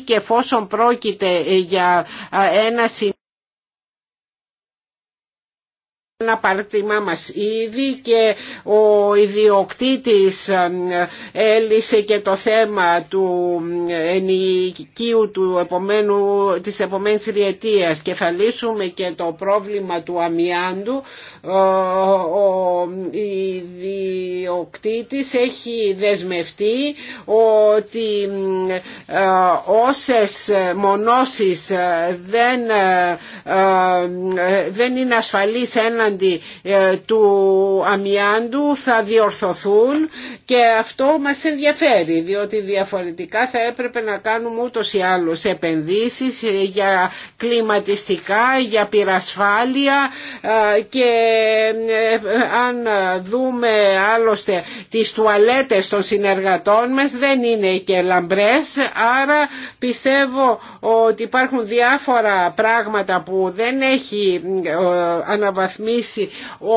και εφόσον πρόκειται για ένα σημείο πάρτιμά μας ήδη και ο ιδιοκτήτης ε, έλυσε και το θέμα του ε, ενοικίου του επομένου, της επομένης ριετίας και θα λύσουμε και το πρόβλημα του αμιάντου. ο ιδιοκτήτης έχει δεσμευτεί ότι ε, όσες μονώσεις δεν, δεν είναι ασφαλείς έναντι ε, του αμοιάντου θα διορθωθούν και αυτό μας ενδιαφέρει διότι διαφορετικά θα έπρεπε να κάνουμε ούτως ή άλλως επενδύσεις ε, για κλιματιστικά, για πυρασφάλεια ε, και αν δούμε άλλωστε τις τουαλέτες των συνεργατών μας δεν είναι και λαμπρές άρα πιστεύω ότι υπάρχουν διάφορα πράγματα που δεν έχει αναβαθμίσει ο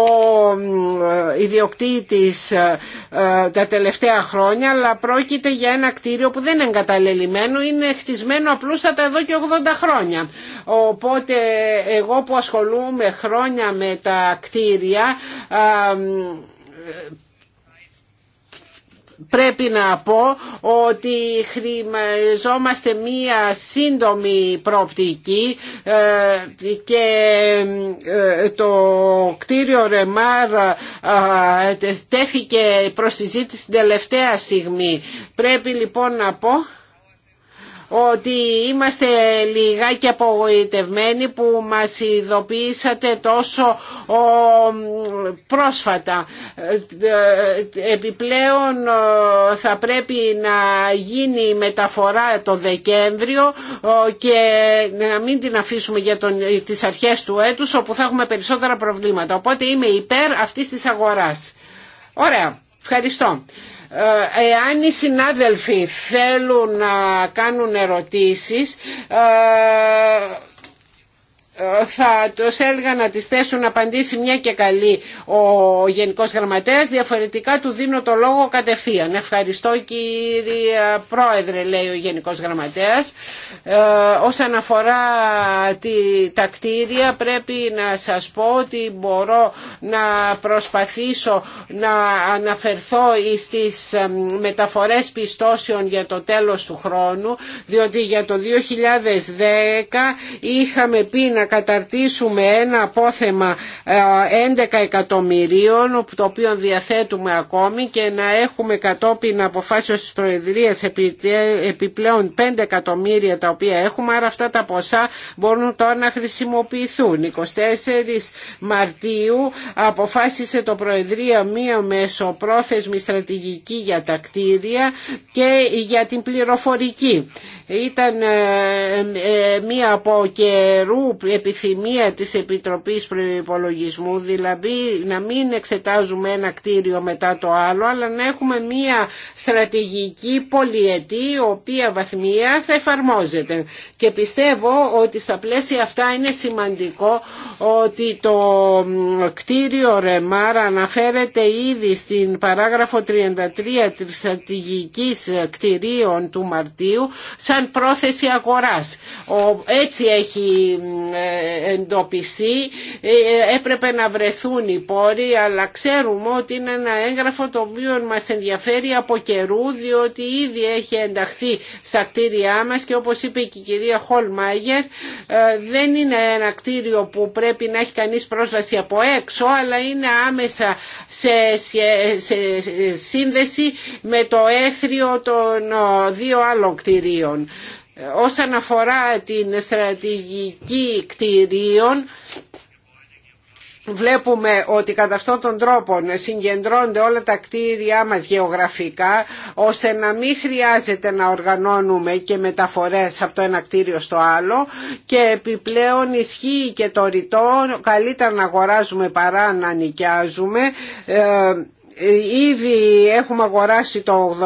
ε, ιδιοκτήτης ε, ε, τα τελευταία χρόνια αλλά πρόκειται για ένα κτίριο που δεν είναι εγκαταλελειμμένο είναι χτισμένο απλούστατα εδώ και 80 χρόνια οπότε εγώ που ασχολούμαι χρόνια με τα κτίρια πρέπει να πω ότι χρημαζόμαστε μία σύντομη προοπτική ε, και ε, το κτίριο Ρεμάρ ε, τέθηκε προς συζήτηση την τελευταία στιγμή. Πρέπει λοιπόν να πω ότι είμαστε λιγάκι απογοητευμένοι που μας ειδοποιήσατε τόσο πρόσφατα. Επιπλέον θα πρέπει να γίνει η μεταφορά το Δεκέμβριο και να μην την αφήσουμε για τον, τις αρχές του έτους όπου θα έχουμε περισσότερα προβλήματα. Οπότε είμαι υπέρ αυτής της αγοράς. Ωραία. Ευχαριστώ. Ε, εάν οι συνάδελφοι θέλουν να κάνουν ερωτήσεις ε, θα τους έλεγα να τις θέσουν να απαντήσει μια και καλή ο Γενικός Γραμματέας διαφορετικά του δίνω το λόγο κατευθείαν ευχαριστώ κύριε Πρόεδρε λέει ο Γενικός Γραμματέας ε, όσον αφορά τη, τα κτίρια πρέπει να σας πω ότι μπορώ να προσπαθήσω να αναφερθώ στις ε, μεταφορές πιστώσεων για το τέλος του χρόνου διότι για το 2010 είχαμε πει να καταρτήσουμε ένα απόθεμα 11 ε, εκατομμυρίων το οποίο διαθέτουμε ακόμη και να έχουμε κατόπιν αποφάσεως της Προεδρίας ε, επιπλέον 5 εκατομμύρια τα οποία έχουμε άρα αυτά τα ποσά μπορούν τώρα να χρησιμοποιηθούν. 24 Μαρτίου αποφάσισε το Προεδρία μία μεσοπρόθεσμη στρατηγική για τα κτίρια και για την πληροφορική. Ήταν ε, μία από καιρού επιθυμία της Επιτροπής Προϋπολογισμού, δηλαδή να μην εξετάζουμε ένα κτίριο μετά το άλλο, αλλά να έχουμε μία στρατηγική πολιετή η οποία βαθμία θα εφαρμόζεται. Και πιστεύω ότι στα πλαίσια αυτά είναι σημαντικό ότι το κτίριο Ρεμάρα αναφέρεται ήδη στην παράγραφο 33 της στρατηγικής κτιρίων του Μαρτίου σαν πρόθεση αγοράς. Έτσι έχει εντοπιστεί ε, έπρεπε να βρεθούν οι πόροι αλλά ξέρουμε ότι είναι ένα έγγραφο το οποίο μας ενδιαφέρει από καιρού διότι ήδη έχει ενταχθεί στα κτίρια μας και όπως είπε και η κυρία Χολμάγερ ε, δεν είναι ένα κτίριο που πρέπει να έχει κανείς πρόσβαση από έξω αλλά είναι άμεσα σε, σύνδεση με το έθριο των ε, δύο άλλων κτιρίων. Ε, όσον αφορά την στρατηγική κτηρίων βλέπουμε ότι κατά αυτόν τον τρόπο συγκεντρώνται όλα τα κτίρια μας γεωγραφικά ώστε να μην χρειάζεται να οργανώνουμε και μεταφορές από το ένα κτίριο στο άλλο και επιπλέον ισχύει και το ρητό καλύτερα να αγοράζουμε παρά να νοικιάζουμε ε, ε, ήδη έχουμε αγοράσει το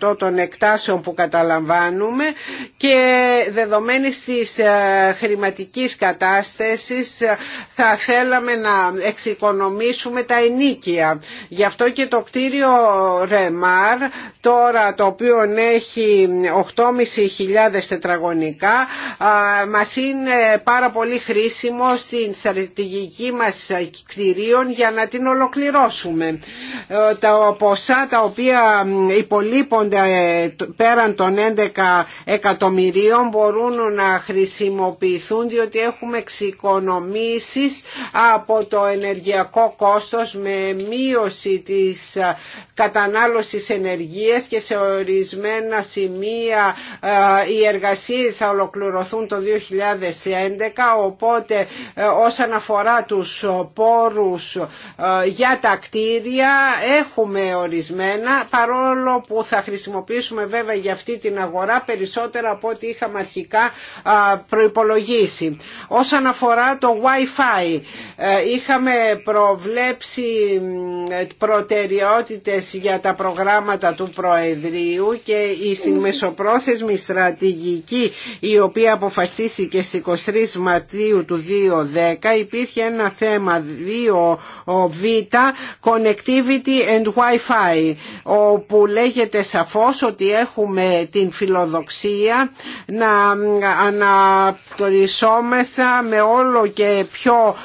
83% των εκτάσεων που καταλαμβάνουμε και δεδομένης της ε, χρηματικής κατάστασης ε, θα θέλαμε να εξοικονομήσουμε τα ενίκια. Γι' αυτό και το κτίριο Ρεμάρ τώρα το οποίο έχει 8.500 τετραγωνικά μας είναι πάρα πολύ χρήσιμο στην στρατηγική μας κτηρίων για να την ολοκληρώσουμε τα ποσά τα οποία υπολείπονται ε, πέραν των 11 εκατομμυρίων μπορούν να χρησιμοποιηθούν διότι έχουμε εξοικονομήσεις από το ενεργειακό κόστος με μείωση της ε, κατανάλωσης ενεργείας και σε ορισμένα σημεία ε, οι εργασίες θα ολοκληρωθούν το 2011 οπότε όσον αφορά τους πόρους για τα κτίρια έχουμε ορισμένα παρόλο που θα χρησιμοποιήσουμε βέβαια για αυτή την αγορά περισσότερα από ό,τι είχαμε αρχικά προϋπολογίσει. Όσον αφορά το Wi-Fi ε, είχαμε προβλέψει προτεραιότητες για τα προγράμματα του Προεδρίου και η μεσοπρόθεσμη στρατηγική η οποία αποφασίστηκε στις 23 Μαρτίου του 2010 υπήρχε ένα θέμα 2 Β Connectivity and Wi-Fi όπου λέγεται σαφώς ότι έχουμε την φιλοδοξία να αναπτωρισόμεθα με όλο και πιο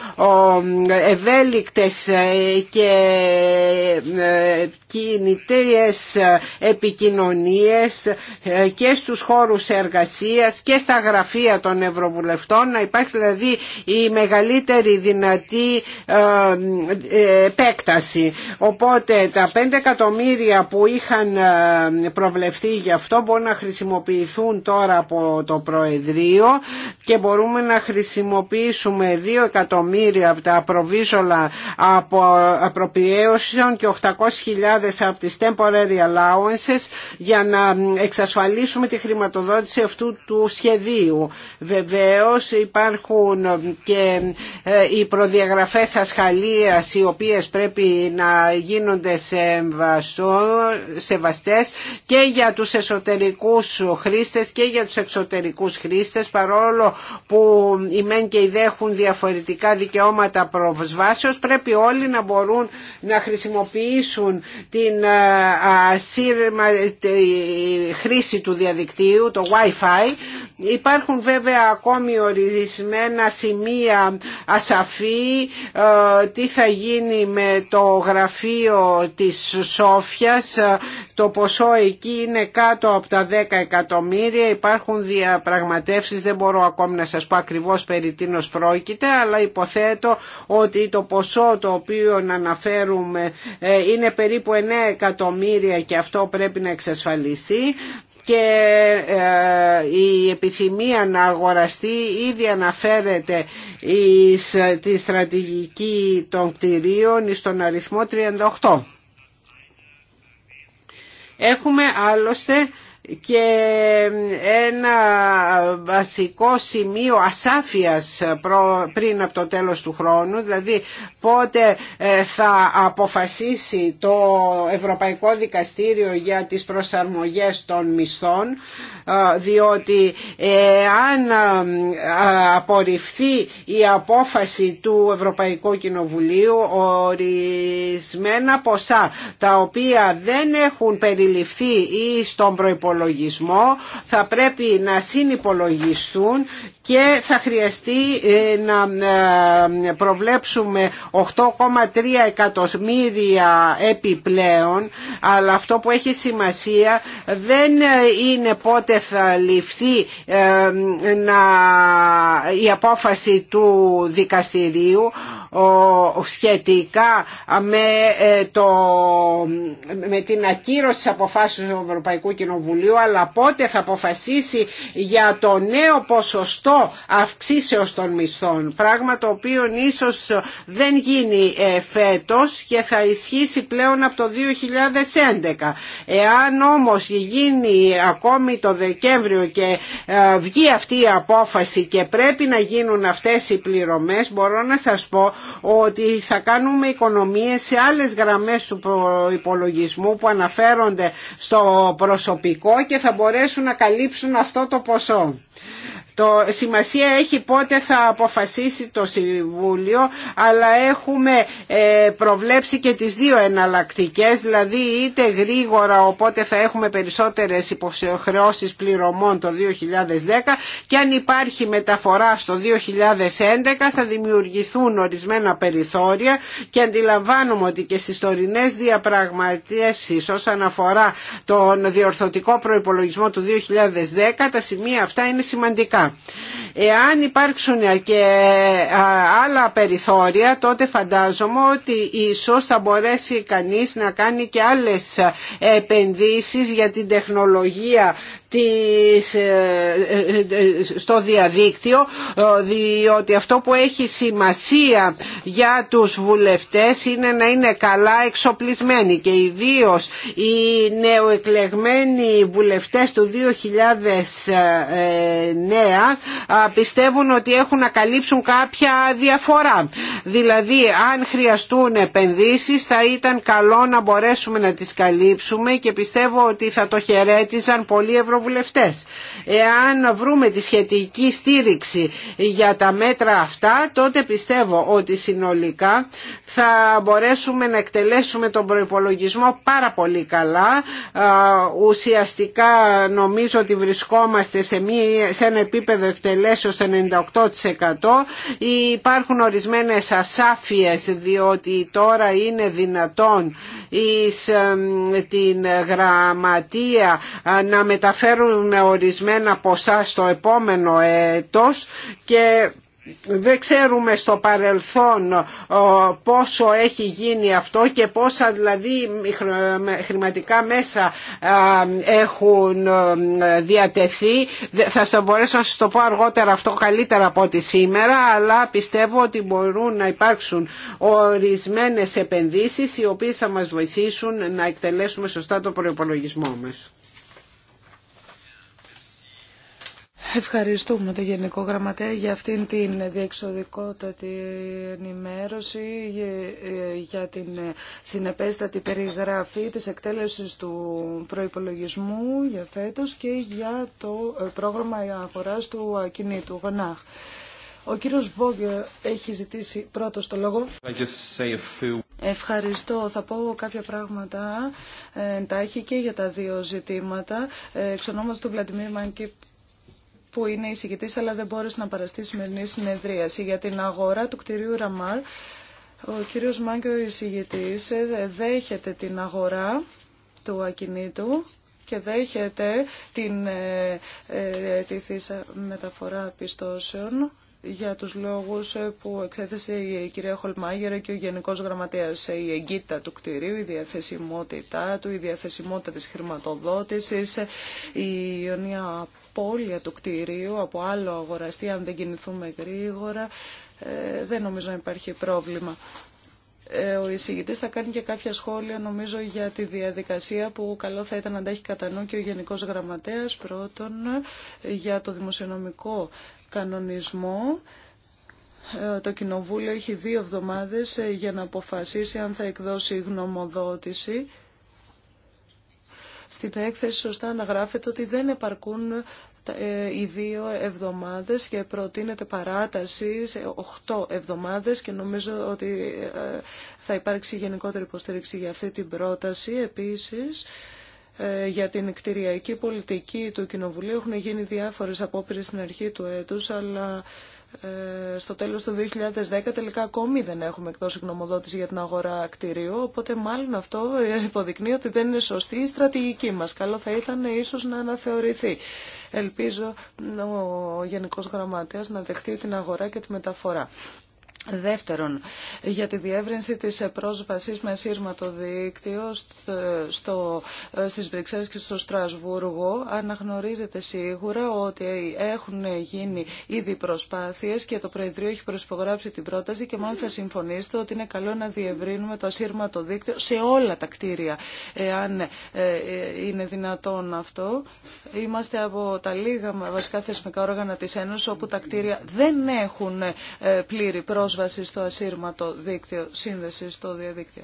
ευέλικτες ε, και ε, κινητές επικοινωνίες ε, και στους χώρους εργασίας και στα γραφεία των Ευρωβουλευτών να υπάρχει δηλαδή η μεγαλύτερη δυνατή επέκταση Οπότε τα 5 εκατομμύρια που είχαν ε, προβλεφθεί γι' αυτό μπορούν να χρησιμοποιηθούν τώρα από το Προεδρείο και μπορούμε να χρησιμοποιήσουμε 2 εκατομμύρια από τα προβίζολα από απροπιέωσεων και 800.000 από τις temporary allowances για να εξασφαλίσουμε τη χρηματοδότηση αυτού του σχεδίου. Βεβαίως υπάρχουν και ε, οι προδιαγραφές ασχαλείας οι οποίες πρέπει να γίνονται γίνονται σεβαστές και για τους εσωτερικούς χρήστες και για τους εξωτερικούς χρήστες παρόλο που οι μεν και οι δε έχουν διαφορετικά δικαιώματα προσβάσεως πρέπει όλοι να μπορούν να χρησιμοποιήσουν την ε, τη χρήση του διαδικτύου, το Wi-Fi. Υπάρχουν βέβαια ακόμη ορισμένα σημεία ασαφή, ε, τι θα γίνει με το γραφείο γραφείο της Σόφιας το ποσό εκεί είναι κάτω από τα 10 εκατομμύρια υπάρχουν διαπραγματεύσεις δεν μπορώ ακόμη να σας πω ακριβώς περί τίνος πρόκειται αλλά υποθέτω ότι το ποσό το οποίο να αναφέρουμε ε, είναι περίπου 9 εκατομμύρια και αυτό πρέπει να εξασφαλιστεί και ε, η επιθυμία να αγοραστεί ήδη αναφέρεται εις ε, τη στρατηγική των κτηρίων στον αριθμό 38. Έχουμε άλλωστε και ένα βασικό σημείο ασάφειας πριν από το τέλος του χρόνου, δηλαδή πότε ε, θα αποφασίσει το Ευρωπαϊκό Δικαστήριο για τις προσαρμογές των μισθών, ε, διότι ε, αν απορριφθεί η απόφαση του Ευρωπαϊκού Κοινοβουλίου, ορισμένα ποσά τα οποία δεν έχουν περιληφθεί ή στον προϋπολογισμό θα πρέπει να συνυπολογιστούν και θα χρειαστεί ε, να ε, προβλέψουμε 8,3 εκατομμύρια επιπλέον αλλά αυτό που έχει σημασία δεν ε, είναι πότε θα ληφθεί η απόφαση του δικαστηρίου σχετικά με, ε, το, με την ακύρωση της αποφάσεως του Ευρωπαϊκού Κοινοβουλίου αλλά πότε θα αποφασίσει για το νέο ποσοστό αυξήσεως των μισθών πράγμα το οποίο ίσως δεν γίνει ε, φέτος και θα ισχύσει πλέον από το 2011 εάν όμως γίνει ακόμη το Δεκέμβριο και ε, βγει αυτή η απόφαση και πρέπει να γίνουν αυτές οι πληρωμές μπορώ να σας πω ότι θα κάνουμε οικονομίες σε άλλες γραμμές του υπολογισμού που αναφέρονται στο προσωπικό και θα μπορέσουν να καλύψουν αυτό το ποσό. Το σημασία έχει πότε θα αποφασίσει το Συμβούλιο, αλλά έχουμε ε, προβλέψει και τις δύο εναλλακτικέ, δηλαδή είτε γρήγορα οπότε θα έχουμε περισσότερες υποχρεώσεις πληρωμών το 2010 και αν υπάρχει μεταφορά στο 2011 θα δημιουργηθούν ορισμένα περιθώρια και αντιλαμβάνουμε ότι και στις τωρινές διαπραγματεύσεις όσον αφορά τον διορθωτικό προϋπολογισμό του 2010 τα σημεία αυτά είναι σημαντικά αυτά. Εάν υπάρξουν και άλλα περιθώρια τότε φαντάζομαι ότι ίσως θα μπορέσει κανείς να κάνει και άλλες επενδύσεις για την τεχνολογία ε, ε, στο διαδίκτυο ε, διότι αυτό που έχει σημασία για τους βουλευτές είναι να είναι καλά εξοπλισμένοι και ιδίως οι νεοεκλεγμένοι βουλευτές του 2009 πιστεύουν ότι έχουν να καλύψουν κάποια διαφορά. Δηλαδή αν χρειαστούν επενδύσεις θα ήταν καλό να μπορέσουμε να τις καλύψουμε και πιστεύω ότι θα το χαιρέτιζαν πολλοί ευρωβουλευτές. Εάν βρούμε τη σχετική στήριξη για τα μέτρα αυτά τότε πιστεύω ότι συνολικά θα μπορέσουμε να εκτελέσουμε τον προϋπολογισμό πάρα πολύ καλά. Ουσιαστικά νομίζω ότι βρισκόμαστε σε, σε ένα επίπεδο εκτελέσεων στο 98% υπάρχουν ορισμένες ασάφειες διότι τώρα είναι δυνατόν εις την γραμματεία ε, να μεταφέρουν ορισμένα ποσά στο επόμενο έτος και δεν ξέρουμε στο παρελθόν πόσο έχει γίνει αυτό και πόσα δηλαδή χρηματικά μέσα έχουν διατεθεί. Θα σας μπορέσω να σας το πω αργότερα αυτό καλύτερα από ό,τι σήμερα, αλλά πιστεύω ότι μπορούν να υπάρξουν ορισμένες επενδύσεις οι οποίες θα μας βοηθήσουν να εκτελέσουμε σωστά το προϋπολογισμό μας. Ευχαριστούμε το Γενικό Γραμματέα για αυτήν την διεξοδικότατη ενημέρωση ε, για την συνεπέστατη περιγραφή της εκτέλεσης του προϋπολογισμού για φέτος και για το ε, πρόγραμμα αγοράς του ακινήτου ΓΝΑΧ. Ο κύριος Βόγκε έχει ζητήσει πρώτος το λόγο. Ευχαριστώ. Θα πω κάποια πράγματα εντάχει και για τα δύο ζητήματα. Ε, εξ τον του Βλαντιμίρ που είναι εισηγητής αλλά δεν μπόρεσε να παραστεί η σημερινή συνεδρίαση για την αγορά του κτηρίου Ραμάρ. Ο κύριος Μάγκη, ο ε, δέχεται την αγορά του ακινήτου και δέχεται την, ε, ε, τη μεταφορά πιστώσεων για τους λόγους που εξέθεσε η κυρία Χολμάγερα και ο Γενικός Γραμματέας. Η εγκύτητα του κτηρίου, η διαθεσιμότητά του, η διαθεσιμότητα της χρηματοδότησης, η ιονία απώλεια του κτηρίου από άλλο αγοραστή, αν δεν κινηθούμε γρήγορα, ε, δεν νομίζω να υπάρχει πρόβλημα. Ε, ο εισηγητή θα κάνει και κάποια σχόλια νομίζω για τη διαδικασία που καλό θα ήταν να τα έχει κατά νου και ο Γενικό Γραμματέα πρώτον για το δημοσιονομικό κανονισμό ε, το Κοινοβούλιο έχει δύο εβδομάδες ε, για να αποφασίσει αν θα εκδώσει γνωμοδότηση. Στην έκθεση σωστά αναγράφεται ότι δεν επαρκούν ε, οι δύο εβδομάδες και προτείνεται παράταση σε οχτώ εβδομάδες και νομίζω ότι θα υπάρξει γενικότερη υποστήριξη για αυτή την πρόταση επίσης. Ε, για την κτηριακή πολιτική του Κοινοβουλίου. Έχουν γίνει διάφορες απόπειρες στην αρχή του έτους, αλλά ε, στο τέλος του 2010 τελικά ακόμη δεν έχουμε εκδώσει γνωμοδότηση για την αγορά κτηρίου, οπότε μάλλον αυτό ε, υποδεικνύει ότι δεν είναι σωστή η στρατηγική μας. Καλό θα ήταν ίσως να αναθεωρηθεί. Ελπίζω ο Γενικός Γραμματέας να δεχτεί την αγορά και τη μεταφορά. Δεύτερον, για τη διεύρυνση της πρόσβασης με σύρματο δίκτυο στο, στις και στο Στρασβούργο αναγνωρίζεται σίγουρα ότι έχουν γίνει ήδη προσπάθειες και το Προεδρείο έχει προσπογράψει την πρόταση και μάλιστα θα συμφωνήσετε ότι είναι καλό να διευρύνουμε το ασύρματο δίκτυο σε όλα τα κτίρια, εάν ε, ε, είναι δυνατόν αυτό. Είμαστε από τα λίγα βασικά θεσμικά όργανα της Ένωσης όπου τα κτίρια δεν έχουν ε, πλήρη πρόσβαση πρόσβαση στο ασύρματο δίκτυο, σύνδεση στο διαδίκτυο.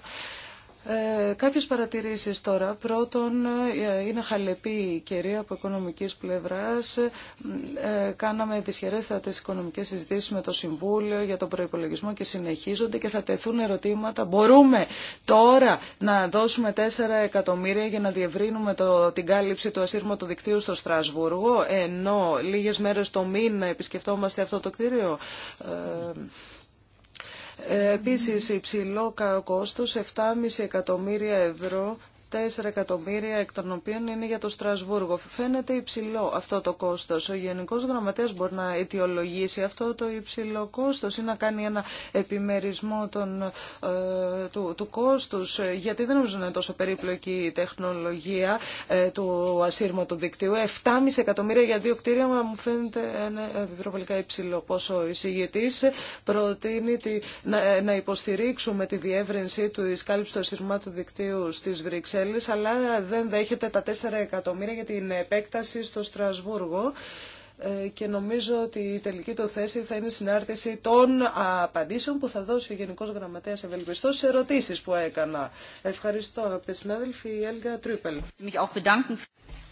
Ε, κάποιες παρατηρήσεις τώρα. Πρώτον, ε, είναι χαλεπή η κυρία από οικονομικής πλευράς. Ε, κάναμε δυσχερέστατες οικονομικές συζητήσεις με το Συμβούλιο για τον προϋπολογισμό και συνεχίζονται και θα τεθούν ερωτήματα. Μπορούμε τώρα να δώσουμε 4 εκατομμύρια για να διευρύνουμε το, την κάλυψη του ασύρματο δικτύου στο Στρασβούργο, ενώ λίγες μέρες το μήνα επισκεφτόμαστε αυτό το κτίριο. Ε, ε, επίσης, υψηλό κόστος, 7,5 εκατομμύρια ευρώ 4 εκατομμύρια, εκ των οποίων είναι για το Στρασβούργο. Φαίνεται υψηλό αυτό το κόστος. Ο Γενικός Γραμματέας μπορεί να αιτιολογήσει αυτό το υψηλό κόστος ή να κάνει ένα επιμερισμό ε, του, του κόστους, γιατί δεν νομίζω να είναι τόσο περίπλοκη η τεχνολογία ε, του ασύρματου δικτύου. 7,5 εκατομμύρια για δύο κτίρια μου φαίνεται ένα υψηλό πόσο ο εισηγητής προτείνει να, να υποστηρίξουμε τη διεύρυνση του εισκάλυψη του ασύρματου δικτύου στις Βρύξε. Βρυξέλλες, αλλά δεν δέχεται τα 4 εκατομμύρια για την επέκταση στο Στρασβούργο ε, και νομίζω ότι η τελική του θέση θα είναι συνάρτηση των απαντήσεων που θα δώσει ο Γενικός Γραμματέας Ευελπιστός σε ερωτήσεις που έκανα. Ευχαριστώ από συνάδελφοι, η Έλγα Τρίπελ.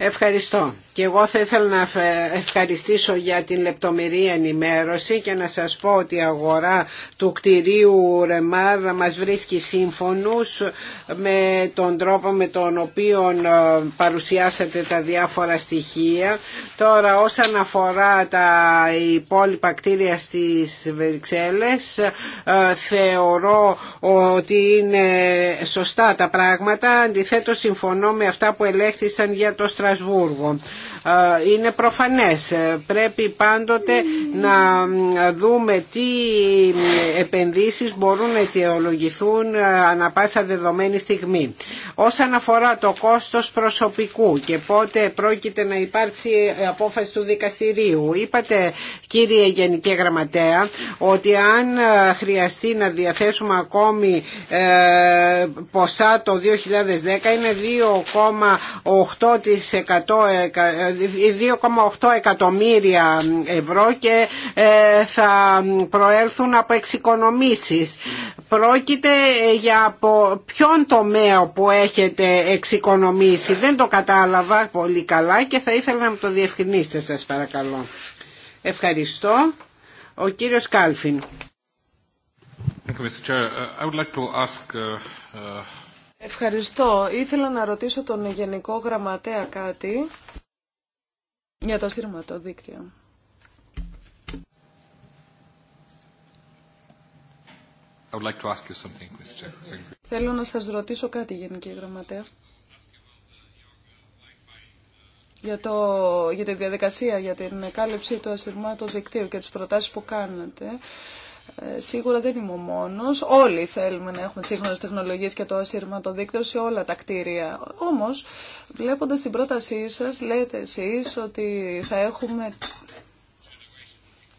Ευχαριστώ. Και εγώ θα ήθελα να ευχαριστήσω για την λεπτομερή ενημέρωση και να σας πω ότι η αγορά του κτηρίου Ρεμάρ μας βρίσκει σύμφωνους με τον τρόπο με τον οποίο ε, παρουσιάσατε τα διάφορα στοιχεία. Τώρα όσον αφορά τα υπόλοιπα κτίρια στις Βερξέλλες ε, θεωρώ ότι είναι σωστά τα πράγματα. Αντιθέτως συμφωνώ με αυτά που ελέγχθησαν για το Στρασβούργο είναι προφανές. Ε, πρέπει πάντοτε να δούμε τι επενδύσεις μπορούν να αιτιολογηθούν ε, ανα πάσα δεδομένη στιγμή. Όσον αφορά το κόστος προσωπικού και πότε πρόκειται να υπάρξει ε, απόφαση του δικαστηρίου. Είπατε κύριε Γενική Γραμματέα ότι αν χρειαστεί να διαθέσουμε ακόμη ποσά το 2010 είναι 2,8% 2,8 εκατομμύρια ευρώ και ε, θα προέλθουν από εξοικονομήσεις. Πρόκειται ε, για από ποιον τομέα που έχετε εξοικονομήσει. Δεν το κατάλαβα πολύ καλά και θα ήθελα να μου το διευκρινίσετε σας παρακαλώ. Ευχαριστώ. Ο κύριος Κάλφιν. Ευχαριστώ. Ήθελα να ρωτήσω τον Γενικό Γραμματέα κάτι για το σύρματο δίκτυο. I would like to ask you something, Θέλω να σας ρωτήσω κάτι, Γενική Γραμματέα. Για, το, για τη διαδικασία, για την κάλυψη του ασυρμάτου δικτύου και τις προτάσεις που κάνατε. Ε, σίγουρα δεν είμαι ο μόνος. Όλοι θέλουμε να έχουμε σύγχρονες τεχνολογίες και το ασύρματο δίκτυο σε όλα τα κτίρια. Όμως, βλέποντας την πρότασή σας, λέτε εσείς ότι θα έχουμε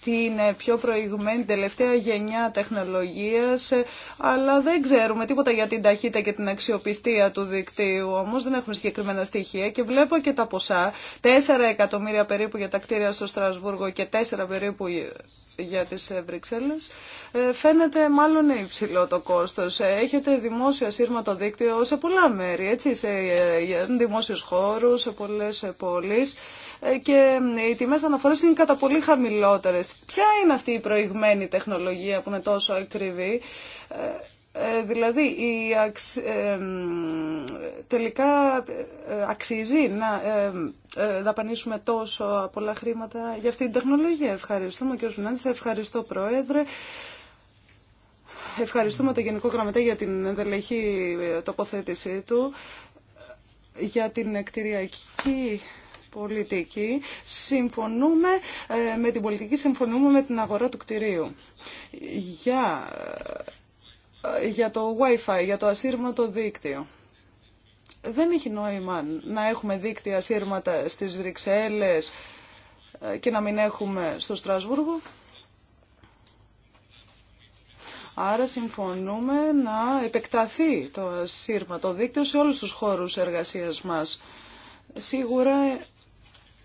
την ε, πιο προηγουμένη τελευταία γενιά τεχνολογίας, ε, αλλά δεν ξέρουμε τίποτα για την ταχύτητα και την αξιοπιστία του δικτύου. Όμως δεν έχουμε συγκεκριμένα στοιχεία και βλέπω και τα ποσά. 4 εκατομμύρια περίπου για τα κτίρια στο Στρασβούργο και 4 περίπου για τις ε, Βρυξέλλες. Φαίνεται μάλλον υψηλό το κόστος. Έχετε δημόσιο ασύρματο δίκτυο σε πολλά μέρη, έτσι, σε δημόσιους χώρους, σε πολλές πόλεις. Ε, και οι τιμέ αναφορέ είναι κατά πολύ χαμηλότερε. Ποια είναι αυτή η προηγμένη τεχνολογία που είναι τόσο ακριβή. Ε, ε δηλαδή, η ε, τελικά αξίζει να δαπανίσουμε τόσο πολλά χρήματα για αυτή την τεχνολογία. Ευχαριστούμε κύριο Φινάντης, ευχαριστώ Πρόεδρε. Ευχαριστούμε τον Γενικό Γραμματέα για την ενδελεχή τοποθέτησή του, για την εκτηριακή πολιτική. Συμφωνούμε ε, με την πολιτική, συμφωνούμε με την αγορά του κτηρίου. Για, ε, για το Wi-Fi, για το ασύρματο δίκτυο. Δεν έχει νόημα να έχουμε δίκτυα ασύρματα στις Βρυξέλλες ε, και να μην έχουμε στο Στρασβούργο. Άρα συμφωνούμε να επεκταθεί το ασύρματο δίκτυο σε όλους τους χώρους εργασίας μας. Σίγουρα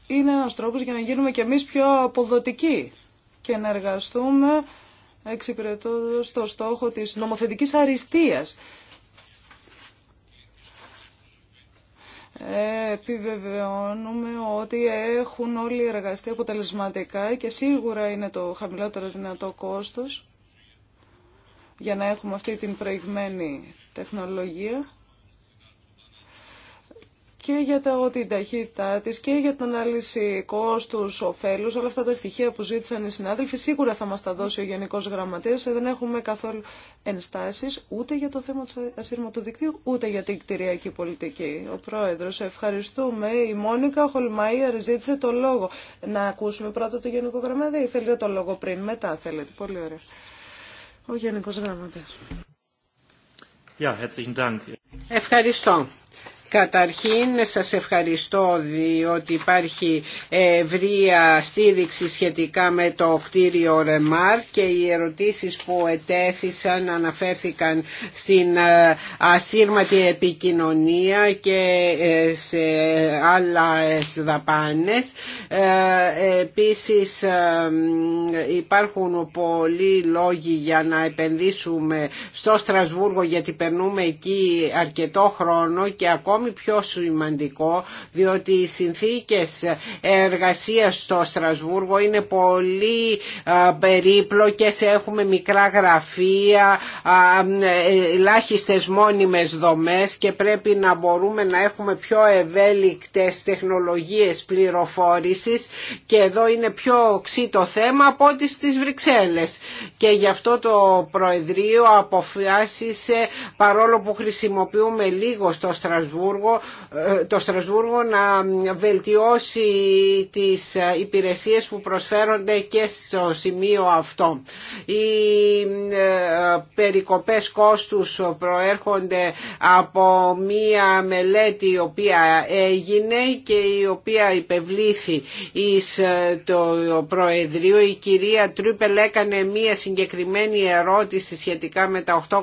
είναι ένας τρόπος για να γίνουμε κι εμείς πιο αποδοτικοί και να εργαστούμε εξυπηρετώντας το στόχο της νομοθετικής αριστείας. Ε, επιβεβαιώνουμε ότι έχουν όλοι εργαστεί αποτελεσματικά και σίγουρα είναι το χαμηλότερο δυνατό κόστος για να έχουμε αυτή την προηγμένη τεχνολογία και για τα, την ταχύτητά τη και για την ανάλυση κόστους, ωφέλου, όλα αυτά τα στοιχεία που ζήτησαν οι συνάδελφοι, σίγουρα θα μα τα δώσει ο Γενικός Γραμματέα. Δεν έχουμε καθόλου ενστάσει ούτε για το θέμα του ασύρματου δικτύου, ούτε για την κτηριακή πολιτική. Ο Πρόεδρο, ευχαριστούμε. Η Μόνικα Χολμάιερ ζήτησε το λόγο. Να ακούσουμε πρώτα το Γενικό Γραμματέα ή θέλετε το λόγο πριν, μετά θέλετε. Πολύ ωραία. Ο γενικό Γραμματέας. Ευχαριστώ. Καταρχήν σας ευχαριστώ διότι υπάρχει ευρία στήριξη σχετικά με το κτίριο Ρεμάρ και οι ερωτήσεις που ετέθησαν αναφέρθηκαν στην ε, ασύρματη επικοινωνία και ε, σε άλλα δαπάνες. Ε, επίσης υπάρχουν πολλοί λόγοι για να επενδύσουμε στο Στρασβούργο γιατί περνούμε εκεί αρκετό χρόνο και ακόμη ακόμη πιο σημαντικό διότι οι συνθήκες εργασίας στο Στρασβούργο είναι πολύ περίπλοκες, έχουμε μικρά γραφεία, ελάχιστες μόνιμες δομές και πρέπει να μπορούμε να έχουμε πιο ευέλικτες τεχνολογίες πληροφόρησης και εδώ είναι πιο οξύ το θέμα από ό,τι στις Βρυξέλλες και γι' αυτό το Προεδρείο αποφάσισε παρόλο που χρησιμοποιούμε λίγο στο Στρασβούργο ε, το Στρασβούργο να βελτιώσει τις ε, υπηρεσίες που προσφέρονται και στο σημείο αυτό. Οι ε, περικοπές κόστους προέρχονται από μία μελέτη η οποία έγινε και η οποία υπευλήθη εις το Προεδρείο. Η κυρία Τρίπελ έκανε μία συγκεκριμένη ερώτηση σχετικά με τα 8,2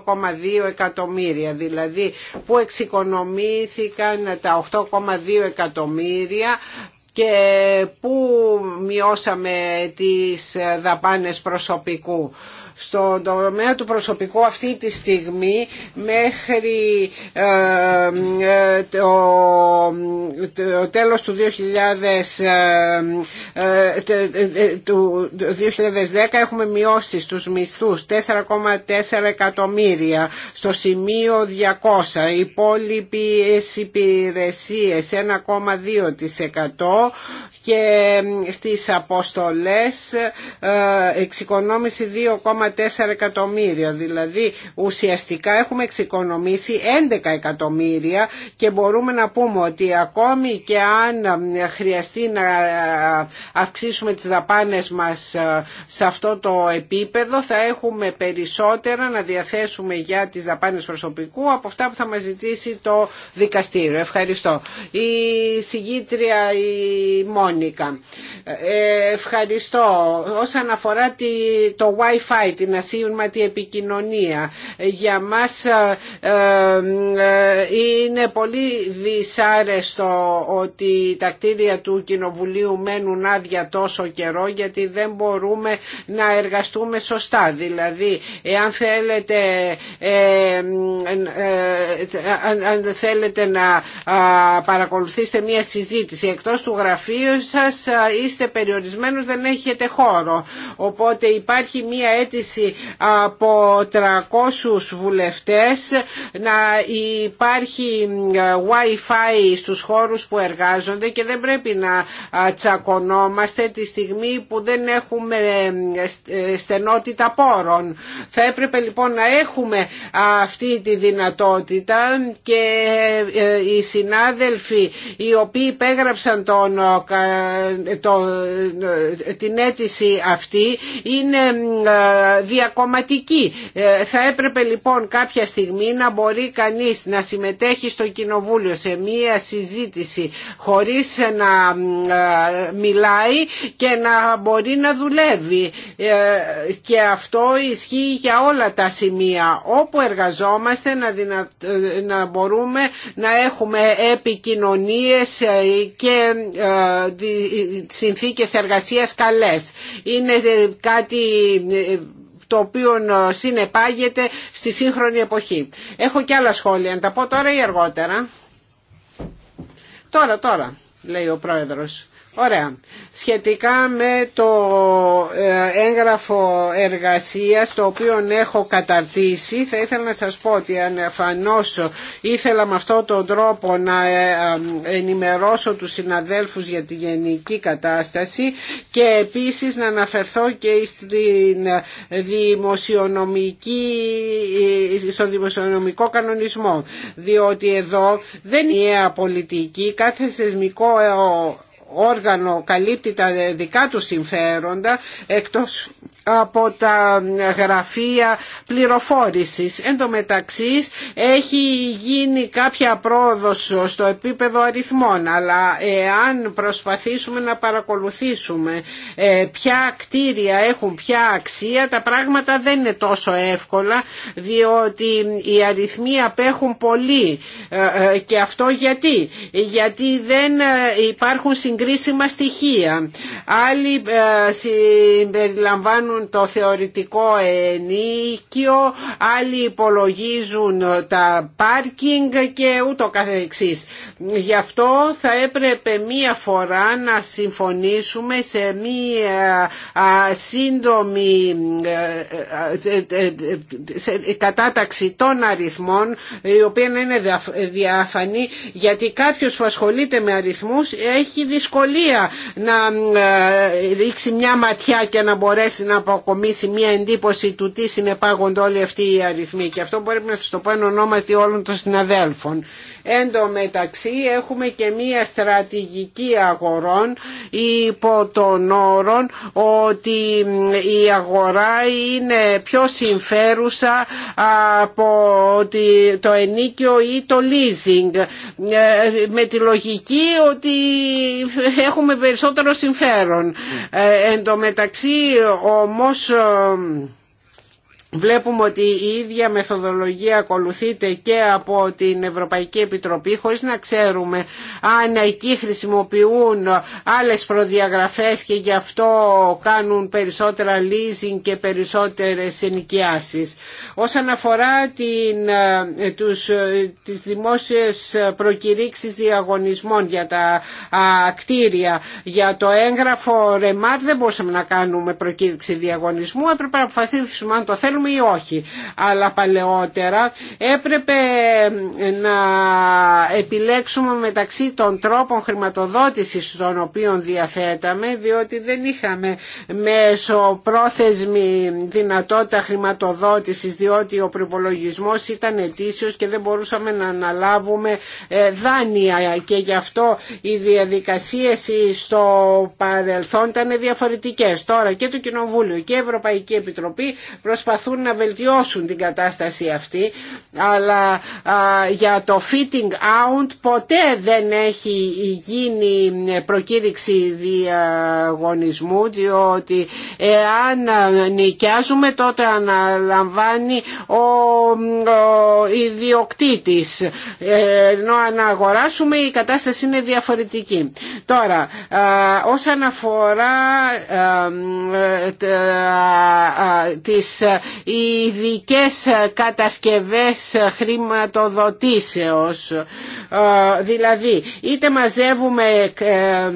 εκατομμύρια, δηλαδή που εξοικονομεί αυξήθηκαν τα 8,2 εκατομμύρια και που μειώσαμε τις δαπάνες προσωπικού. Στον τομέα του προσωπικού αυτή τη στιγμή μέχρι ε, ε, το τέλος του 2010 ε, έχουμε μειώσει στους μισθούς 4,4 εκατομμύρια στο σημείο 200 υπόλοιποι υπηρεσίες 1,2% και στις αποστολές ε, εξοικονόμηση 2,4 εκατομμύρια. Δηλαδή ουσιαστικά έχουμε εξοικονομήσει 11 εκατομμύρια και μπορούμε να πούμε ότι ακόμη και αν χρειαστεί να ε, αυξήσουμε τις δαπάνες μας ε, σε αυτό το επίπεδο θα έχουμε περισσότερα να διαθέσουμε για τις δαπάνες προσωπικού από αυτά που θα μας ζητήσει το δικαστήριο. Ευχαριστώ. Η συγγήτρια η Μόνικα. Ε, ευχαριστώ. Όσον αφορά το Wi-Fi, την ασύρματη επικοινωνία, ε, για μας ε, είναι πολύ δυσάρεστο ότι τα κτίρια του Κοινοβουλίου μένουν άδεια τόσο καιρό γιατί δεν μπορούμε να εργαστούμε σωστά. Δηλαδή, εάν θέλετε, ε, αν θέλετε να παρακολουθήσετε μία συζήτηση εκτός του γραφείου σας είστε περιορισμένος, δεν έχετε χώρο. Οπότε υπάρχει μία αίτηση από 300 βουλευτές να υπάρχει Wi-Fi στους χώρους που εργάζονται και δεν πρέπει να τσακωνόμαστε τη στιγμή που δεν έχουμε ε, στενότητα πόρων. Θα έπρεπε λοιπόν να έχουμε αυτή τη δυνατότητα και ε, ε, οι συνάδελφοι οι οποίοι υπέγραψαν τον το, την αίτηση αυτή είναι ε, διακομματική. Ε, θα έπρεπε λοιπόν κάποια στιγμή να μπορεί κανείς να συμμετέχει στο κοινοβούλιο σε μία συζήτηση χωρίς να ε, μιλάει και να μπορεί να δουλεύει και αυτό ισχύει για όλα τα σημεία όπου εργαζόμαστε να, δυνα... να μπορούμε να έχουμε επικοινωνίες και συνθήκες εργασίας καλές. Είναι ε, κάτι ε, το οποίο ε, συνεπάγεται στη σύγχρονη εποχή. Έχω και άλλα σχόλια, να τα πω τώρα ή αργότερα. Τώρα, τώρα, λέει ο πρόεδρος. Ωραία. Σχετικά με το ε, έγγραφο εργασίας το οποίο έχω καταρτήσει θα ήθελα να σας πω ότι αναφανώς ήθελα με αυτόν τον τρόπο να ε, ε, ενημερώσω τους συναδέλφους για τη γενική κατάσταση και επίσης να αναφερθώ και στην δημοσιονομική, στον δημοσιονομικό κανονισμό διότι εδώ δεν είναι πολιτική κάθε θεσμικό όργανο καλύπτει τα δικά του συμφέροντα εκτός από τα γραφεία πληροφόρησης. Εν τω μεταξύ έχει γίνει κάποια πρόοδος στο επίπεδο αριθμών αλλά εάν προσπαθήσουμε να παρακολουθήσουμε ε, ποια κτίρια έχουν ποια αξία τα πράγματα δεν είναι τόσο εύκολα διότι οι αριθμοί απέχουν πολύ ε, ε, και αυτό γιατί γιατί δεν υπάρχουν συγκρίσιμα στοιχεία άλλοι συμπεριλαμβάνουν κάνουν το θεωρητικό ενίκιο, άλλοι υπολογίζουν τα πάρκινγκ και ούτω καθεξής. Γι' αυτό θα έπρεπε μία φορά να συμφωνήσουμε σε μία σύντομη ε, ε, ε, κατάταξη των αριθμών η οποία να είναι διαφανή γιατί κάποιος που ασχολείται με αριθμούς έχει δυσκολία να ρίξει μια ματιά και να μπορέσει να αποκομίσει μια εντύπωση του τι συνεπάγονται όλοι αυτοί οι αριθμοί και αυτό μπορεί να σας το πω εν ονόματι όλων των συναδέλφων. Εν τω μεταξύ έχουμε και μία στρατηγική αγορών υπό τον όρο ότι η αγορά είναι πιο συμφέρουσα από το ενίκιο ή το leasing ε, με τη λογική ότι έχουμε περισσότερο συμφέρον. Ε, εν τω μεταξύ όμως Βλέπουμε ότι η ίδια μεθοδολογία ακολουθείται και από την Ευρωπαϊκή Επιτροπή χωρίς να ξέρουμε αν εκεί χρησιμοποιούν άλλες προδιαγραφές και γι' αυτό κάνουν περισσότερα leasing και περισσότερες ενοικιάσεις. Όσον αφορά την, ε, τους, ε, τις δημόσιες προκηρύξεις διαγωνισμών για τα κτίρια, για το έγγραφο Ρεμάρ δεν μπορούσαμε να κάνουμε προκήρυξη διαγωνισμού, έπρεπε να αποφασίσουμε το θέλουμε ή όχι. Αλλά παλαιότερα έπρεπε να επιλέξουμε μεταξύ των τρόπων χρηματοδότησης των οποίων διαθέταμε διότι δεν είχαμε μέσω πρόθεσμη δυνατότητα χρηματοδότησης διότι ο προπολογισμό ήταν ετήσιος και δεν μπορούσαμε να αναλάβουμε ε, δάνεια και γι' αυτό οι διαδικασίες στο παρελθόν ήταν διαφορετικές. Τώρα και το Κοινοβούλιο και η Ευρωπαϊκή Επιτροπή προσπαθούν να βελτιώσουν την κατάσταση αυτή αλλά για το fitting out ποτέ δεν έχει γίνει προκήρυξη διαγωνισμού διότι εάν νοικιάζουμε τότε αναλαμβάνει ο, ο ιδιοκτήτης ε, ενώ αν αγοράσουμε η κατάσταση είναι διαφορετική. Τώρα, όσον αφορά ε, τις οι ειδικέ κατασκευές χρηματοδοτήσεως. Ε, δηλαδή είτε μαζεύουμε ε,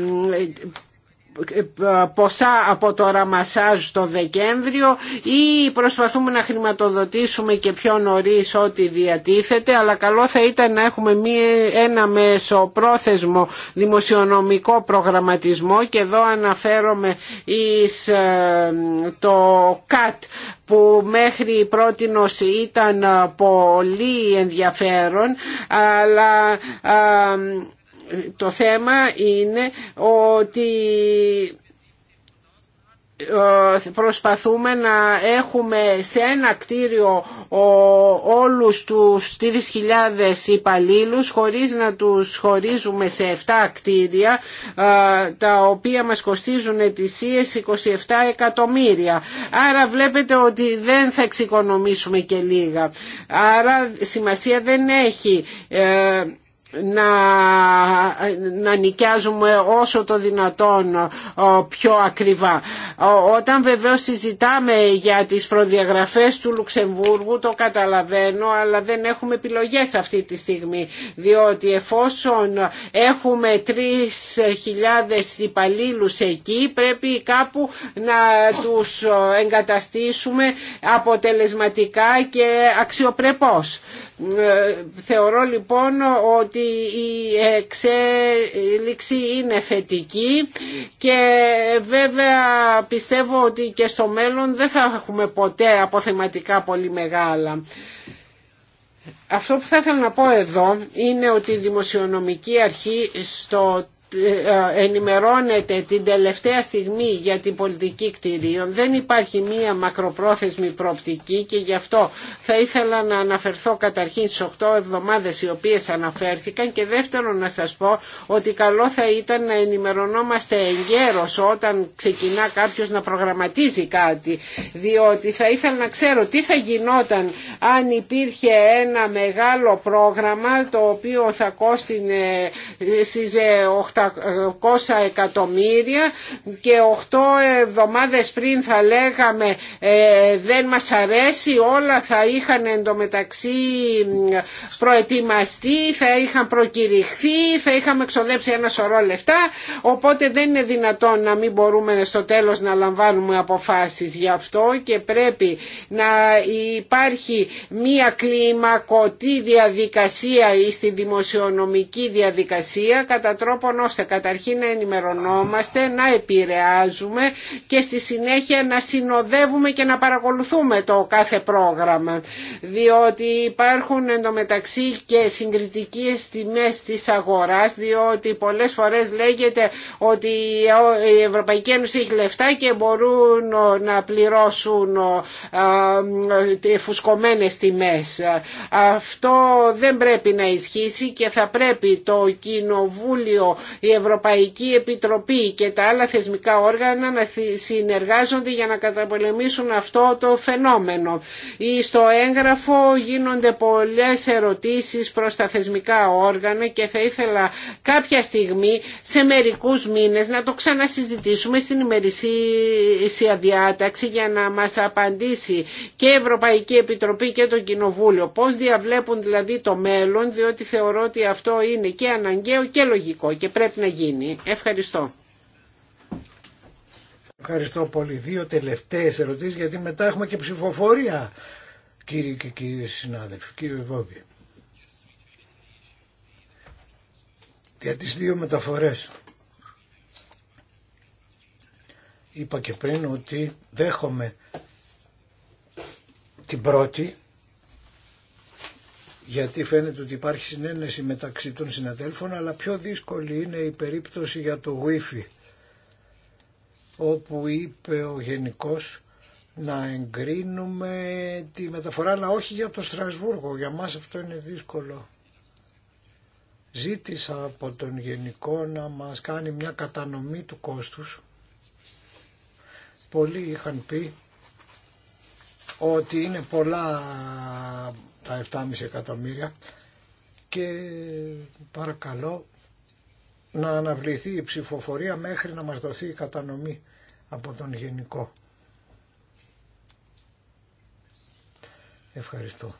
ποσά από το ραμασάζ το Δεκέμβριο ή προσπαθούμε να χρηματοδοτήσουμε και πιο νωρίς ό,τι διατίθεται αλλά καλό θα ήταν να έχουμε μία, ένα πρόθεσμο δημοσιονομικό προγραμματισμό και εδώ αναφέρομαι εις ε, το ΚΑΤ που μέχρι πρότινος ήταν πολύ ενδιαφέρον αλλά ε, το θέμα είναι ότι ε, προσπαθούμε να έχουμε σε ένα κτίριο όλους τους 3.000 υπαλλήλου χωρίς να τους χωρίζουμε σε 7 κτίρια ε, τα οποία μας κοστίζουν ετησίε 27 εκατομμύρια άρα βλέπετε ότι δεν θα εξοικονομήσουμε και λίγα άρα σημασία δεν έχει ε, να, να νοικιάζουμε όσο το δυνατόν πιο ακριβά. Όταν βεβαίως συζητάμε για τις προδιαγραφές του Λουξεμβούργου το καταλαβαίνω αλλά δεν έχουμε επιλογές αυτή τη στιγμή διότι εφόσον έχουμε 3.000 υπαλλήλου εκεί πρέπει κάπου να τους εγκαταστήσουμε αποτελεσματικά και αξιοπρεπώς. Ε, θεωρώ λοιπόν ότι η εξέλιξη είναι θετική και βέβαια πιστεύω ότι και στο μέλλον δεν θα έχουμε ποτέ αποθεματικά πολύ μεγάλα. Αυτό που θα ήθελα να πω εδώ είναι ότι η δημοσιονομική αρχή στο ε, ενημερώνεται την τελευταία στιγμή για την πολιτική κτηρίων. Δεν υπάρχει μία μακροπρόθεσμη προοπτική και γι' αυτό θα ήθελα να αναφερθώ καταρχήν στις 8 εβδομάδες οι οποίες αναφέρθηκαν και δεύτερον να σας πω ότι καλό θα ήταν να ενημερωνόμαστε εγκαίρως όταν ξεκινά κάποιος να προγραμματίζει κάτι διότι θα ήθελα να ξέρω τι θα γινόταν αν υπήρχε ένα μεγάλο πρόγραμμα το οποίο θα κόστινε ε, στις ε, εκατομμύρια και 8 εβδομάδες πριν θα λέγαμε ε, δεν μας αρέσει όλα θα είχαν εντωμεταξύ προετοιμαστεί, θα είχαν προκηρυχθεί, θα είχαμε εξοδέψει ένα σωρό λεφτά οπότε δεν είναι δυνατόν να μην μπορούμε στο τέλος να λαμβάνουμε αποφάσεις γι' αυτό και πρέπει να υπάρχει μία κλιμακωτή διαδικασία ή στη δημοσιονομική διαδικασία κατά τρόπον ώστε σε καταρχήν να ενημερωνόμαστε, να επηρεάζουμε και στη συνέχεια να συνοδεύουμε και να παρακολουθούμε το κάθε πρόγραμμα. Διότι υπάρχουν εντωμεταξύ και συγκριτικές τιμές της αγοράς, διότι πολλές φορές λέγεται ότι η Ευρωπαϊκή Ένωση έχει λεφτά και μπορούν να πληρώσουν φουσκωμένες τιμές. Αυτό δεν πρέπει να ισχύσει και θα πρέπει το Κοινοβούλιο η Ευρωπαϊκή Επιτροπή και τα άλλα θεσμικά όργανα να συνεργάζονται για να καταπολεμήσουν αυτό το φαινόμενο. Στο έγγραφο γίνονται πολλές ερωτήσεις προς τα θεσμικά όργανα και θα ήθελα κάποια στιγμή σε μερικούς μήνες να το ξανασυζητήσουμε στην ημερησία διάταξη για να μας απαντήσει και η Ευρωπαϊκή Επιτροπή και το Κοινοβούλιο πώς διαβλέπουν δηλαδή το μέλλον διότι θεωρώ ότι αυτό είναι και αναγκαίο και λογικό πρέπει να γίνει. Ευχαριστώ. Ευχαριστώ πολύ. Δύο τελευταίες ερωτήσεις γιατί μετά έχουμε και ψηφοφορία κύριοι και κύριοι συνάδελφοι. Κύριε Βόμπη. Για τις δύο μεταφορές. Είπα και πριν ότι δέχομαι την πρώτη γιατί φαίνεται ότι υπάρχει συνένεση μεταξύ των συναδέλφων, αλλά πιο δύσκολη είναι η περίπτωση για το Wi-Fi, όπου είπε ο Γενικός να εγκρίνουμε τη μεταφορά, αλλά όχι για το Στρασβούργο, για μας αυτό είναι δύσκολο. Ζήτησα από τον Γενικό να μας κάνει μια κατανομή του κόστους. Πολλοί είχαν πει ότι είναι πολλά τα 7,5 εκατομμύρια και παρακαλώ να αναβληθεί η ψηφοφορία μέχρι να μας δοθεί η κατανομή από τον Γενικό. Ευχαριστώ.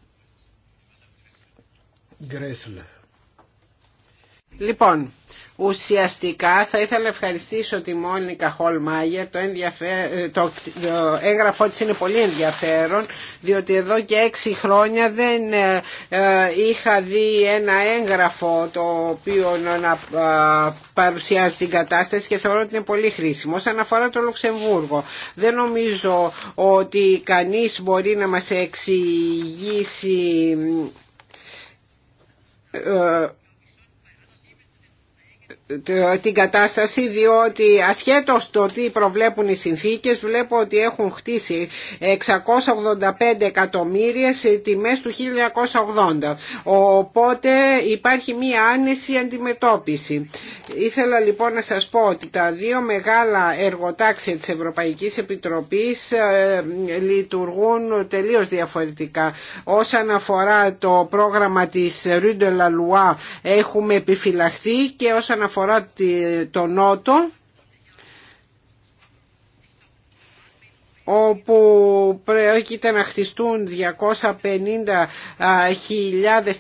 Γκρέσλερ. Λοιπόν, ουσιαστικά θα ήθελα να ευχαριστήσω τη Μόνικα Χολμάγερ. Το, ενδιαφέ... το... έγγραφό της είναι πολύ ενδιαφέρον, διότι εδώ και έξι χρόνια δεν ε, ε, είχα δει ένα έγγραφο το οποίο να παρουσιάζει την κατάσταση και θεωρώ ότι είναι πολύ χρήσιμο. Όσον αφορά το Λουξεμβούργο, δεν νομίζω ότι κανείς μπορεί να μας εξηγήσει ε, την κατάσταση διότι ασχέτως το τι προβλέπουν οι συνθήκες βλέπω ότι έχουν χτίσει 685 εκατομμύρια σε τιμές του 1980 οπότε υπάρχει μία άνεση αντιμετώπιση ήθελα λοιπόν να σας πω ότι τα δύο μεγάλα εργοτάξια της Ευρωπαϊκής Επιτροπής ε, λειτουργούν τελείως διαφορετικά όσον αφορά το πρόγραμμα της Rue de la έχουμε επιφυλαχθεί και όσον αφορά αφορά το Νότο όπου πρόκειται να χτιστούν 250.000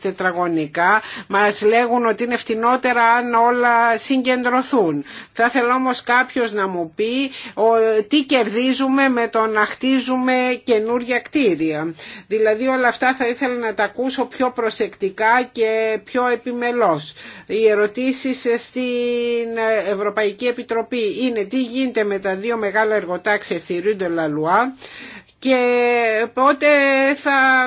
τετραγωνικά μας λέγουν ότι είναι φτηνότερα αν όλα συγκεντρωθούν. Θα ήθελα όμως κάποιος να μου πει τι κερδίζουμε με το να χτίζουμε καινούργια κτίρια. Δηλαδή όλα αυτά θα ήθελα να τα ακούσω πιο προσεκτικά και πιο επιμελώς. Οι ερωτήσεις στην Ευρωπαϊκή Επιτροπή είναι τι γίνεται με τα δύο μεγάλα εργοτάξια στη και πότε θα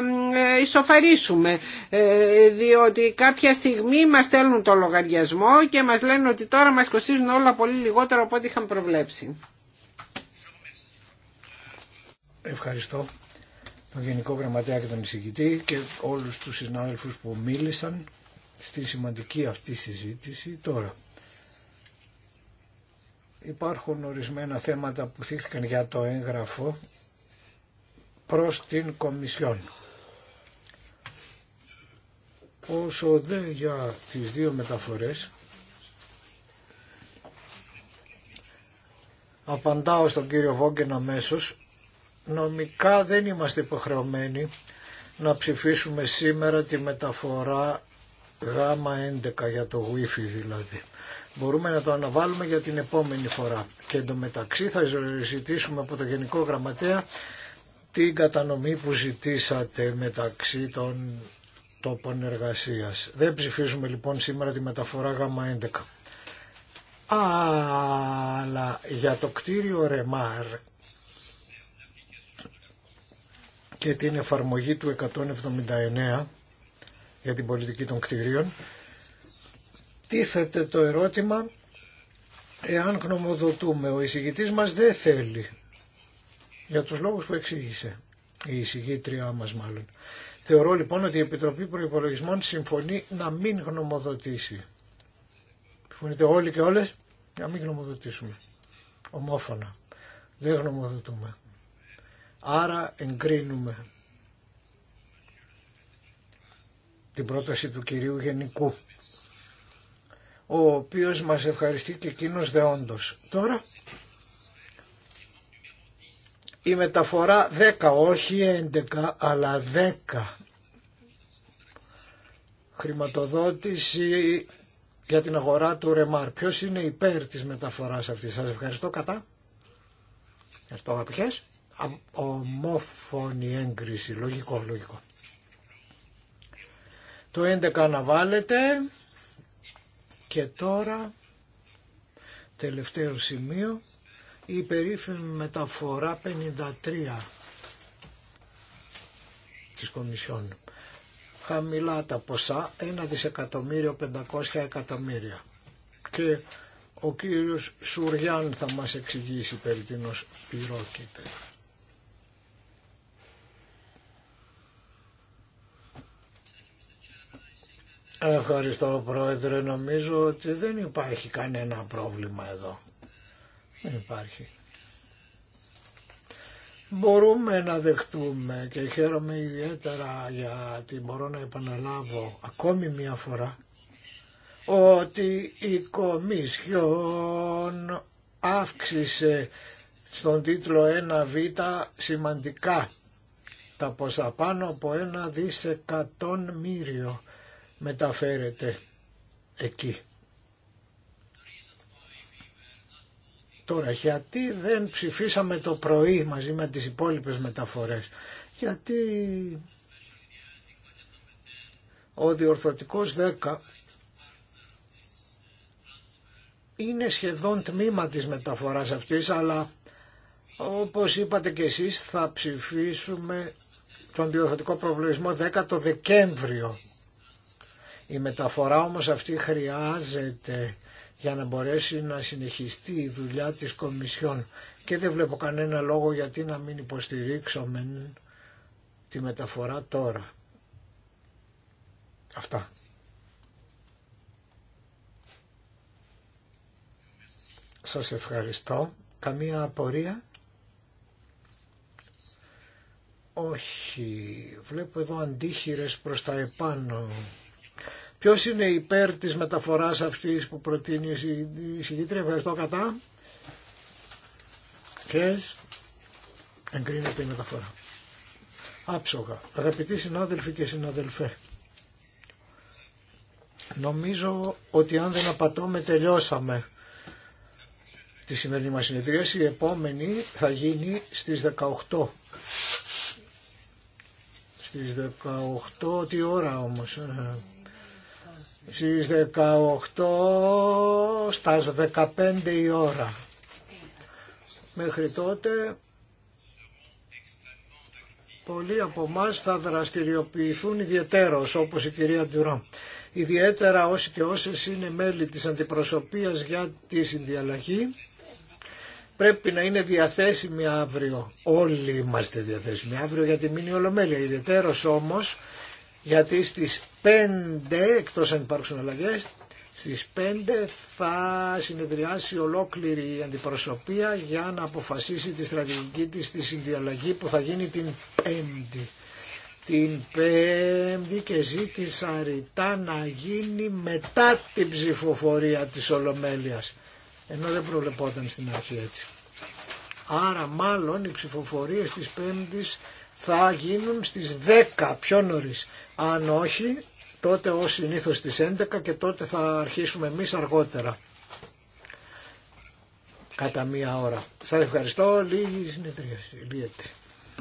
ε, ισοφαρίσουμε ε, διότι κάποια στιγμή μας στέλνουν το λογαριασμό και μας λένε ότι τώρα μας κοστίζουν όλα πολύ λιγότερο από ό,τι είχαν προβλέψει. Ευχαριστώ τον Γενικό Γραμματέα και τον Ισηγητή και όλους τους συνάδελφους που μίλησαν στη σημαντική αυτή συζήτηση τώρα. Υπάρχουν ορισμένα θέματα που θίχθηκαν για το έγγραφο προς την Κομισιόν. Όσο δε για τις δύο μεταφορές, απαντάω στον κύριο Βόγγεν αμέσω. νομικά δεν είμαστε υποχρεωμένοι να ψηφίσουμε σήμερα τη μεταφορά γάμα 11 για το wi δηλαδή. Μπορούμε να το αναβάλουμε για την επόμενη φορά. Και εντωμεταξύ θα ζητήσουμε από το Γενικό Γραμματέα την κατανομή που ζητήσατε μεταξύ των τόπων εργασίας. Δεν ψηφίζουμε λοιπόν σήμερα τη μεταφορά γάμα 11. Αλλά για το κτίριο Ρεμάρ και την εφαρμογή του 179 για την πολιτική των κτηρίων τίθεται το ερώτημα εάν γνωμοδοτούμε. Ο εισηγητής μας δεν θέλει, για τους λόγους που εξήγησε η εισηγήτριά μας μάλλον. Θεωρώ λοιπόν ότι η Επιτροπή Προϋπολογισμών συμφωνεί να μην γνωμοδοτήσει. Συμφωνείτε όλοι και όλες να μην γνωμοδοτήσουμε. Ομόφωνα. Δεν γνωμοδοτούμε. Άρα εγκρίνουμε την πρόταση του κυρίου Γενικού ο οποίος μας ευχαριστεί και εκείνος δεόντος. Τώρα η μεταφορά 10, όχι 11, αλλά 10. Χρηματοδότηση για την αγορά του Ρεμάρ. Ποιος είναι υπέρ της μεταφοράς αυτής. Σας ευχαριστώ κατά. Ευχαριστώ αγαπητές. Ομόφωνη έγκριση. Λογικό, λογικό. Το 11 αναβάλλεται. Και τώρα, τελευταίο σημείο, η περίφημη μεταφορά 53 της Κομισιόν. Χαμηλά τα ποσά, 1 δισεκατομμύριο 500 εκατομμύρια. Και ο κύριος Σουριάν θα μας εξηγήσει περί τίνος πυρόκειται. Ευχαριστώ πρόεδρε. Νομίζω ότι δεν υπάρχει κανένα πρόβλημα εδώ. Δεν υπάρχει. Μπορούμε να δεχτούμε και χαίρομαι ιδιαίτερα γιατί μπορώ να επαναλάβω ακόμη μία φορά ότι η Κομισιόν αύξησε στον τίτλο 1β σημαντικά τα ποσά πάνω από ένα δισεκατομμύριο μεταφέρεται εκεί. Τώρα, γιατί δεν ψηφίσαμε το πρωί μαζί με τις υπόλοιπες μεταφορές. Γιατί ο διορθωτικός 10 είναι σχεδόν τμήμα της μεταφοράς αυτής, αλλά όπως είπατε και εσείς θα ψηφίσουμε τον διορθωτικό προβλησμό 10 το Δεκέμβριο. Η μεταφορά όμως αυτή χρειάζεται για να μπορέσει να συνεχιστεί η δουλειά της Κομισιόν και δεν βλέπω κανένα λόγο γιατί να μην υποστηρίξουμε τη μεταφορά τώρα. Αυτά. Σας ευχαριστώ. Καμία απορία. Όχι. Βλέπω εδώ αντίχειρες προς τα επάνω. Ποιο είναι υπέρ της μεταφοράς αυτής που προτείνει η συγκήτρια. Ευχαριστώ κατά. Και εγκρίνεται η μεταφορά. Άψογα. Αγαπητοί συνάδελφοι και συναδελφέ. Νομίζω ότι αν δεν απατώμε τελειώσαμε τη σημερινή μας συνεδρία. Η επόμενη θα γίνει στις 18. Στις 18 τι ώρα όμως. Ε, στις 18 στα 15 η ώρα. Μέχρι τότε πολλοί από εμά θα δραστηριοποιηθούν ιδιαιτέρως όπως η κυρία Ντουρό. Ιδιαίτερα όσοι και όσες είναι μέλη της αντιπροσωπείας για τη συνδιαλλαγή πρέπει να είναι διαθέσιμοι αύριο. Όλοι είμαστε διαθέσιμοι αύριο γιατί τη μήνυ ολομέλεια. Ιδιαιτέρως όμως γιατί στις 5, εκτός αν υπάρξουν αλλαγές, στις 5 θα συνεδριάσει ολόκληρη η αντιπροσωπεία για να αποφασίσει τη στρατηγική της στη συνδιαλλαγή που θα γίνει την 5η. Την 5η και ζήτησα ρητά να γίνει μετά την ψηφοφορία της Ολομέλειας. Ενώ δεν προβλεπόταν στην αρχή έτσι. Άρα μάλλον οι ψηφοφορίες της 5ης θα γίνουν στις 10 πιο νωρί. Αν όχι, τότε ως συνήθως στις 11 και τότε θα αρχίσουμε εμείς αργότερα. Κατά μία ώρα. Σας ευχαριστώ. Λίγη συνεδρίαση. Λύεται.